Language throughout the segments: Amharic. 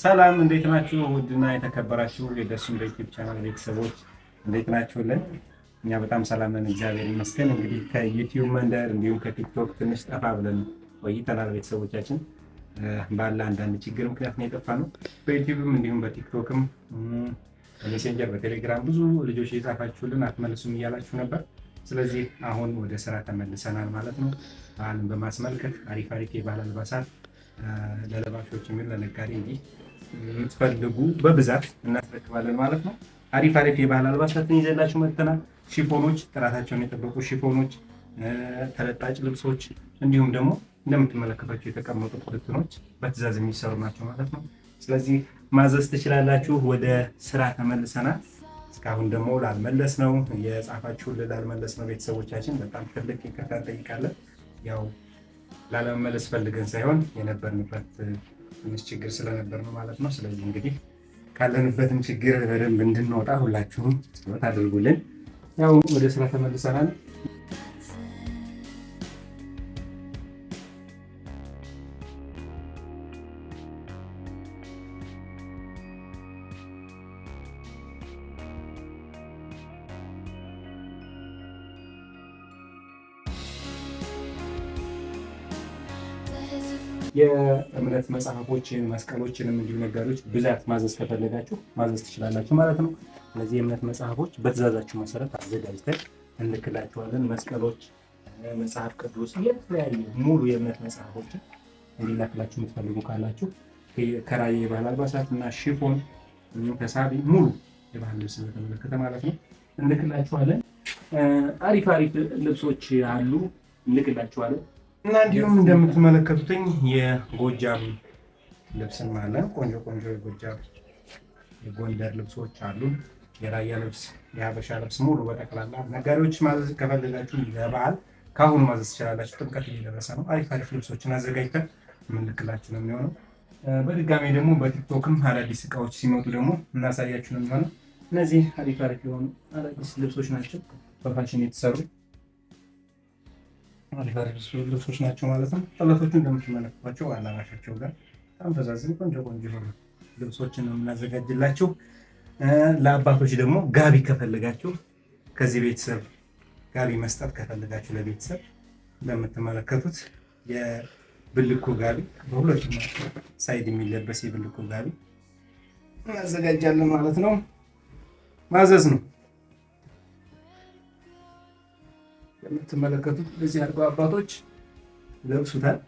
ሰላም እንዴት ናችሁ? ውድና የተከበራችሁ የደሱን በዩቲዩብ ቻናል ቤተሰቦች እንዴት ናችሁልን? እኛ በጣም ሰላም ነን፣ እግዚአብሔር ይመስገን። እንግዲህ ከዩቲዩብ መንደር እንዲሁም ከቲክቶክ ትንሽ ጠፋ ብለን ቆይተናል። ቤተሰቦቻችን ባለ አንዳንድ ችግር ምክንያት ነው የጠፋ ነው። በዩቲዩብም እንዲሁም በቲክቶክም በሜሴንጀር በቴሌግራም ብዙ ልጆች የጻፋችሁልን አትመልሱም እያላችሁ ነበር። ስለዚህ አሁን ወደ ስራ ተመልሰናል ማለት ነው። በዓልን በማስመልከት አሪፍ አሪፍ የባህል አልባሳት ለለባሾች የሚሆን ለነጋዴ እንዲህ የምትፈልጉ በብዛት እናስረክባለን ማለት ነው። አሪፍ አሪፍ የባህል አልባሳትን ይዘላችሁ መጥተናል። ሺፎኖች፣ ጥራታቸውን የጠበቁ ሺፎኖች፣ ተለጣጭ ልብሶች እንዲሁም ደግሞ እንደምትመለከቷቸው የተቀመጡ ቁልትኖች በትዛዝ የሚሰሩ ናቸው ማለት ነው። ስለዚህ ማዘዝ ትችላላችሁ። ወደ ስራ ተመልሰናል። እስካሁን ደግሞ ላልመለስ ነው የጻፋችሁልን ላልመለስ ነው ቤተሰቦቻችን በጣም ትልቅ ይቅርታ እንጠይቃለን ያው ላለመመለስ ፈልገን ሳይሆን የነበርንበት ትንሽ ችግር ስለነበር ነው ማለት ነው። ስለዚህ እንግዲህ ካለንበትም ችግር በደንብ እንድንወጣ ሁላችሁም ጸሎት አድርጉልን። ያው ወደ ስራ ተመልሰናል። የእምነት መጽሐፎችን መስቀሎችንም እንዲሁ ነጋዴዎች ብዛት ማዘዝ ከፈለጋችሁ ማዘዝ ትችላላችሁ ማለት ነው። እነዚህ የእምነት መጽሐፎች በትእዛዛችሁ መሰረት አዘጋጅተን እንልክላችኋለን። መስቀሎች፣ መጽሐፍ ቅዱስ፣ የተለያዩ ሙሉ የእምነት መጽሐፎችን እንዲላክላችሁ የምትፈልጉ ካላችሁ ከራዬ የባህል አልባሳት እና ሽፎን ከሳቢ ሙሉ የባህል ልብስ በተመለከተ ማለት ነው እንልክላችኋለን። አሪፍ አሪፍ ልብሶች አሉ፣ እንልክላችኋለን። እና እንዲሁም እንደምትመለከቱትኝ የጎጃም ልብስም አለ። ቆንጆ ቆንጆ የጎጃም የጎንደር ልብሶች አሉ። የራያ ልብስ፣ የሀበሻ ልብስ ሙሉ በጠቅላላ ነጋዴዎች ማዘዝ ከፈለጋችሁ ለበዓል ከአሁኑ ማዘዝ ትችላላችሁ። ጥምቀት እየደረሰ ነው። አሪፍ አሪፍ ልብሶችን አዘጋጅተን የምንልክላችሁ ነው የሚሆነው። በድጋሚ ደግሞ በቲክቶክም አዳዲስ እቃዎች ሲመጡ ደግሞ እናሳያችሁ ነው የሚሆነው። እነዚህ አሪፍ አሪፍ የሆኑ አዳዲስ ልብሶች ናቸው በፋሽን የተሰሩ አሪፍ አሪፍ ልብሶች ናቸው ማለት ነው። ጥለቶቹ እንደምትመለከቷቸው አላማሻቸው ጋር በጣም ተዛዝን ቆንጆ ቆንጆ የሆኑ ልብሶችን ነው የምናዘጋጅላቸው። ለአባቶች ደግሞ ጋቢ ከፈለጋችሁ ከዚህ ቤተሰብ ጋቢ መስጠት ከፈለጋችሁ ለቤተሰብ እንደምትመለከቱት የብልኮ ጋቢ በሁለቱም ሳይድ የሚለበስ የብልኮ ጋቢ እናዘጋጃለን ማለት ነው። ማዘዝ ነው። የምትመለከቱት እነዚህ አድርገው አባቶች ለብሱታል።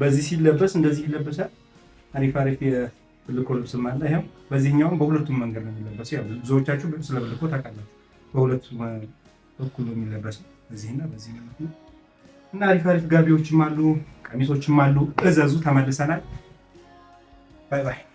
በዚህ ሲለበስ እንደዚህ ይለበሳል። አሪፍ አሪፍ የብልኮ ልብስም አለ። ይኸው በዚህኛውም በሁለቱም መንገድ ነው የሚለበሰው። ያው ብዙዎቻችሁ ስለ ብልኮ ታውቃላችሁ። በሁለቱም በኩል ነው በዚህና በዚህ ማለት ነው። እና አሪፍ አሪፍ ጋቢዎችም አሉ፣ ቀሚሶችም አሉ። እዘዙ። ተመልሰናል። ባይ ባይ